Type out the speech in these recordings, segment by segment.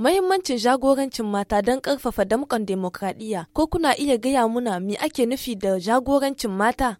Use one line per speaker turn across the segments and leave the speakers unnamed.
Mahimmancin jagorancin mata don ƙarfafa damkon demokradiyya ko kuna iya gaya muna me ake nufi da jagorancin mata?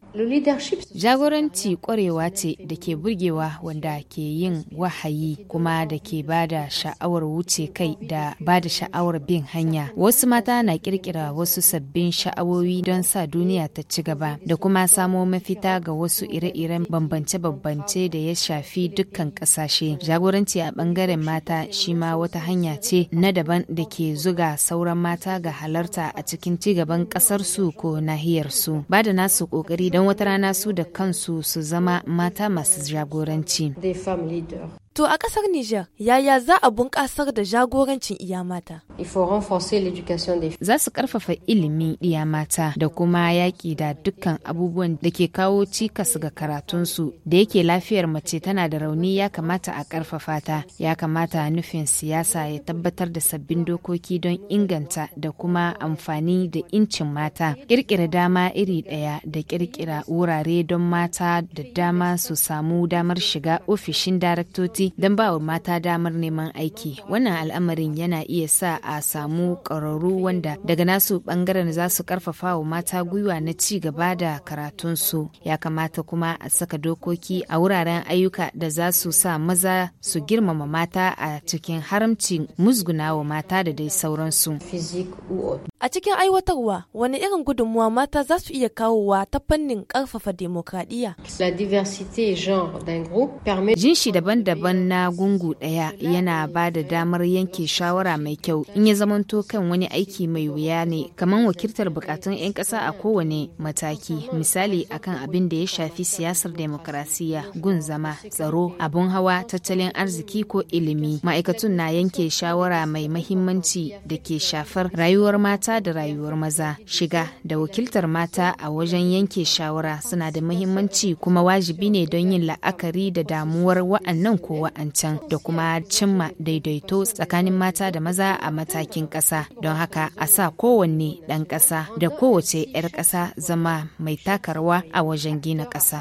Jagoranci ƙwarewa ce da ke burgewa wanda ke yin wahayi kuma da ke ba da sha'awar wuce kai da ba da sha'awar bin hanya. Wasu mata na ƙirƙira wasu sabbin sha'awowi don sa duniya ta ci gaba da kuma samo mafita ga wasu ire-iren bambance-bambance da ya shafi dukkan ƙasashe. Jagoranci a bangaren mata shi ma wata hanya ce ce na daban da ke zuga sauran mata ga halarta a cikin cigaban ƙasarsu ko nahiyarsu. Ba da nasu ƙoƙari don wata rana su da kansu su zama mata masu jagoranci.
To a ƙasar Nijar,
yaya za a bunƙasar da
jagorancin
iya mata? Za su ƙarfafa ilimi iya mata da kuma yaƙi da dukkan abubuwan da ke kawo cikas ga karatunsu da yake lafiyar mace tana da rauni ya kamata a ƙarfafa ta. Ya kamata nufin siyasa ya tabbatar da sabbin dokoki don inganta da kuma amfani da incin mata. Ƙirƙira dama iri ɗaya da ƙirƙira wurare don mata da dama su samu damar shiga ofishin daraktoci don ba wa mata damar neman aiki. Wannan al'amarin yana iya sa a samu ƙararru wanda daga nasu ɓangaren za su ƙarfafa wa mata gwiwa na ci gaba da karatunsu. Ya kamata kuma a saka dokoki a wuraren ayyuka da za su sa maza su girmama mata a cikin haramcin musguna wa mata da dai sauransu. A cikin aiwatarwa wani irin gudunmuwa mata za su iya kawowa ta fannin ƙarfafa demokradiyya. Jinshi daban-daban na gungu ɗaya yana ba da damar yanke shawara mai kyau in ya zamanto kan wani aiki mai wuya ne kamar wakiltar bukatun 'yan ƙasa a kowane mataki misali akan abin da ya shafi siyasar demokrasiyya gun zama tsaro abun hawa tattalin arziki ko ilimi ma'aikatun na yanke shawara mai mahimmanci da ke shafar rayuwar mata mata da rayuwar maza shiga da wakiltar mata a wajen yanke shawara suna da muhimmanci kuma wajibi ne don yin la'akari da damuwar wa'annan ko wa'ancan da kuma cimma daidaito tsakanin mata da maza a matakin ƙasa don haka a sa kowanne ɗan ƙasa da kowace 'yar ƙasa zama mai takarwa a wajen gina ƙasa.